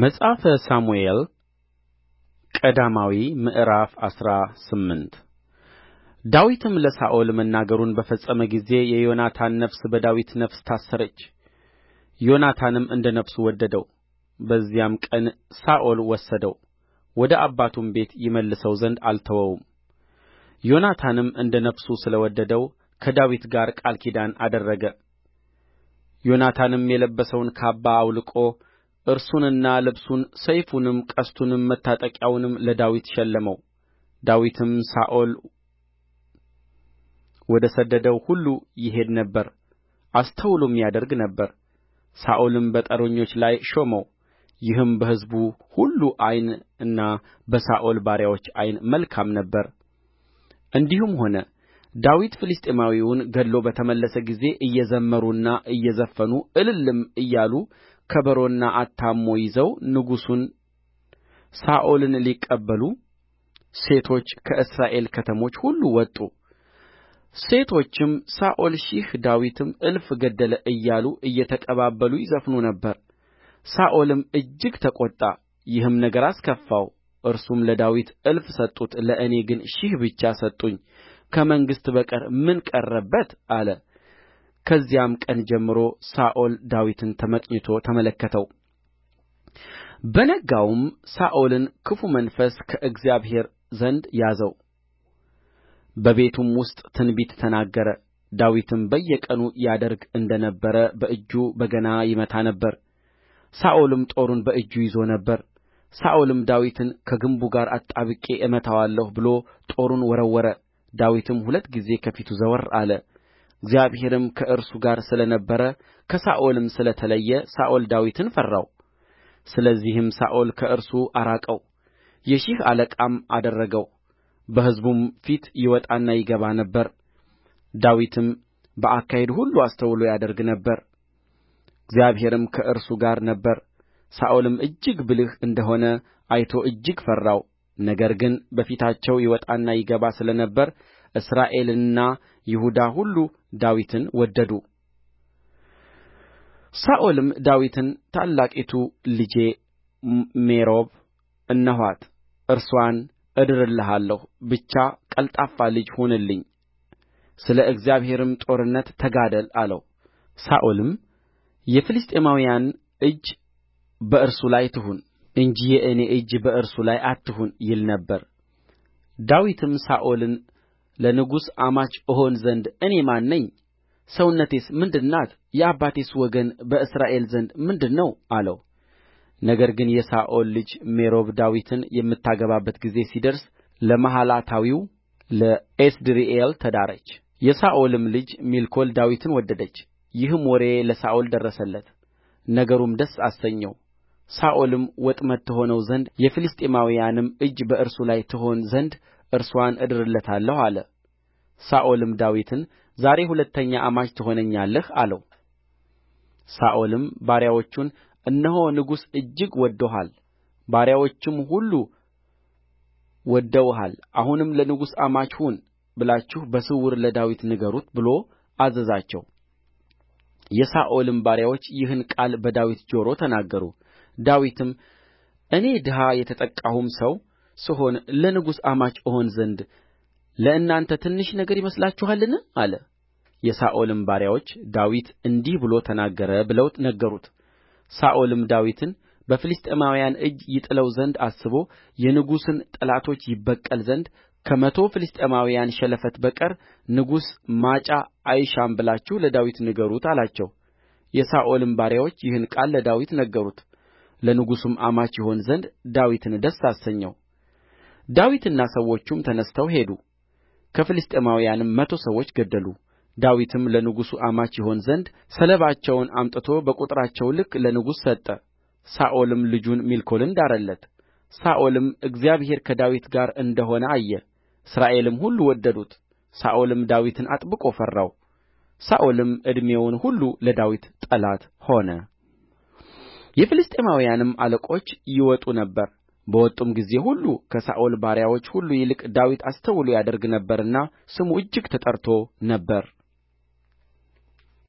መጽሐፈ ሳሙኤል ቀዳማዊ ምዕራፍ አስራ ስምንት ዳዊትም ለሳኦል መናገሩን በፈጸመ ጊዜ የዮናታን ነፍስ በዳዊት ነፍስ ታሰረች። ዮናታንም እንደ ነፍሱ ወደደው። በዚያም ቀን ሳኦል ወሰደው፣ ወደ አባቱም ቤት ይመልሰው ዘንድ አልተወውም። ዮናታንም እንደ ነፍሱ ስለ ወደደው ከዳዊት ጋር ቃል ኪዳን አደረገ። ዮናታንም የለበሰውን ካባ አውልቆ እርሱንና ልብሱን ሰይፉንም ቀስቱንም መታጠቂያውንም ለዳዊት ሸለመው ዳዊትም ሳኦል ወደ ሰደደው ሁሉ ይሄድ ነበር አስተውሎም ያደርግ ነበር ሳኦልም በጦረኞች ላይ ሾመው ይህም በሕዝቡ ሁሉ ዓይን እና በሳኦል ባሪያዎች ዓይን መልካም ነበረ እንዲሁም ሆነ ዳዊት ፍልስጥኤማዊውን ገድሎ በተመለሰ ጊዜ እየዘመሩና እየዘፈኑ እልልም እያሉ ከበሮና አታሞ ይዘው ንጉሡን ሳኦልን ሊቀበሉ ሴቶች ከእስራኤል ከተሞች ሁሉ ወጡ ሴቶችም ሳኦል ሺህ ዳዊትም እልፍ ገደለ እያሉ እየተቀባበሉ ይዘፍኑ ነበር ሳኦልም እጅግ ተቈጣ ይህም ነገር አስከፋው እርሱም ለዳዊት እልፍ ሰጡት ለእኔ ግን ሺህ ብቻ ሰጡኝ ከመንግሥት በቀር ምን ቀረበት አለ ከዚያም ቀን ጀምሮ ሳኦል ዳዊትን ተመቅኝቶ ተመለከተው በነጋውም ሳኦልን ክፉ መንፈስ ከእግዚአብሔር ዘንድ ያዘው በቤቱም ውስጥ ትንቢት ተናገረ ዳዊትም በየቀኑ ያደርግ እንደ ነበረ በእጁ በገና ይመታ ነበር ሳኦልም ጦሩን በእጁ ይዞ ነበር ሳኦልም ዳዊትን ከግንቡ ጋር አጣብቄ እመታዋለሁ ብሎ ጦሩን ወረወረ ዳዊትም ሁለት ጊዜ ከፊቱ ዘወር አለ እግዚአብሔርም ከእርሱ ጋር ስለ ነበረ ከሳኦልም ስለ ተለየ ሳኦል ዳዊትን ፈራው ስለዚህም ሳኦል ከእርሱ አራቀው የሺህ አለቃም አደረገው በሕዝቡም ፊት ይወጣና ይገባ ነበር ዳዊትም በአካሄዱ ሁሉ አስተውሎ ያደርግ ነበር እግዚአብሔርም ከእርሱ ጋር ነበረ ሳኦልም እጅግ ብልህ እንደሆነ አይቶ እጅግ ፈራው ነገር ግን በፊታቸው ይወጣና ይገባ ስለ ነበር እስራኤልና ይሁዳ ሁሉ ዳዊትን ወደዱ ሳኦልም ዳዊትን ታላቂቱ ልጄ ሜሮብ እነኋት እርስዋን እድርልሃለሁ ብቻ ቀልጣፋ ልጅ ሁንልኝ ስለ እግዚአብሔርም ጦርነት ተጋደል አለው ሳኦልም የፍልስጥኤማውያን እጅ በእርሱ ላይ ትሁን እንጂ የእኔ እጅ በእርሱ ላይ አትሁን ይል ነበር ዳዊትም ሳኦልን ለንጉሥ አማች እሆን ዘንድ እኔ ማን ነኝ ሰውነቴስ ምንድር ናት የአባቴስ ወገን በእስራኤል ዘንድ ምንድር ነው አለው ነገር ግን የሳኦል ልጅ ሜሮብ ዳዊትን የምታገባበት ጊዜ ሲደርስ ለመሓላታዊው ለኤስድሪኤል ተዳረች የሳኦልም ልጅ ሜልኮል ዳዊትን ወደደች ይህም ወሬ ለሳኦል ደረሰለት ነገሩም ደስ አሰኘው ሳኦልም ወጥመድ ትሆነው ዘንድ የፍልስጥኤማውያንም እጅ በእርሱ ላይ ትሆን ዘንድ እርስዋን እድርለታለሁ አለ ሳኦልም ዳዊትን ዛሬ ሁለተኛ አማች ትሆነኛለህ አለው ሳኦልም ባሪያዎቹን እነሆ ንጉሡ እጅግ ወድዶሃል ባሪያዎቹም ሁሉ ወድደውሃል አሁንም ለንጉሡ አማች ሁን ብላችሁ በስውር ለዳዊት ንገሩት ብሎ አዘዛቸው የሳኦልም ባሪያዎች ይህን ቃል በዳዊት ጆሮ ተናገሩ ዳዊትም እኔ ድሀ የተጠቃሁም ሰው ስሆን ለንጉሥ አማች እሆን ዘንድ ለእናንተ ትንሽ ነገር ይመስላችኋልን አለ የሳኦልም ባሪያዎች ዳዊት እንዲህ ብሎ ተናገረ ብለው ነገሩት ሳኦልም ዳዊትን በፍልስጥኤማውያን እጅ ይጥለው ዘንድ አስቦ የንጉሡን ጠላቶች ይበቀል ዘንድ ከመቶ ፍልስጥኤማውያን ሸለፈት በቀር ንጉሥ ማጫ አይሻም ብላችሁ ለዳዊት ንገሩት አላቸው የሳኦልም ባሪያዎች ይህን ቃል ለዳዊት ነገሩት ለንጉሡም አማች ይሆን ዘንድ ዳዊትን ደስ አሰኘው ዳዊትና ሰዎቹም ተነሥተው ሄዱ ከፍልስጥኤማውያንም መቶ ሰዎች ገደሉ ዳዊትም ለንጉሡ አማች ይሆን ዘንድ ሰለባቸውን አምጥቶ በቍጥራቸው ልክ ለንጉሡ ሰጠ ሳኦልም ልጁን ሜልኮልን ዳረለት ሳኦልም እግዚአብሔር ከዳዊት ጋር እንደ ሆነ አየ እስራኤልም ሁሉ ወደዱት ሳኦልም ዳዊትን አጥብቆ ፈራው ሳኦልም ዕድሜውን ሁሉ ለዳዊት ጠላት ሆነ የፍልስጥኤማውያንም አለቆች ይወጡ ነበር በወጡም ጊዜ ሁሉ ከሳኦል ባሪያዎች ሁሉ ይልቅ ዳዊት አስተውሎ ያደርግ ነበርና ስሙ እጅግ ተጠርቶ ነበር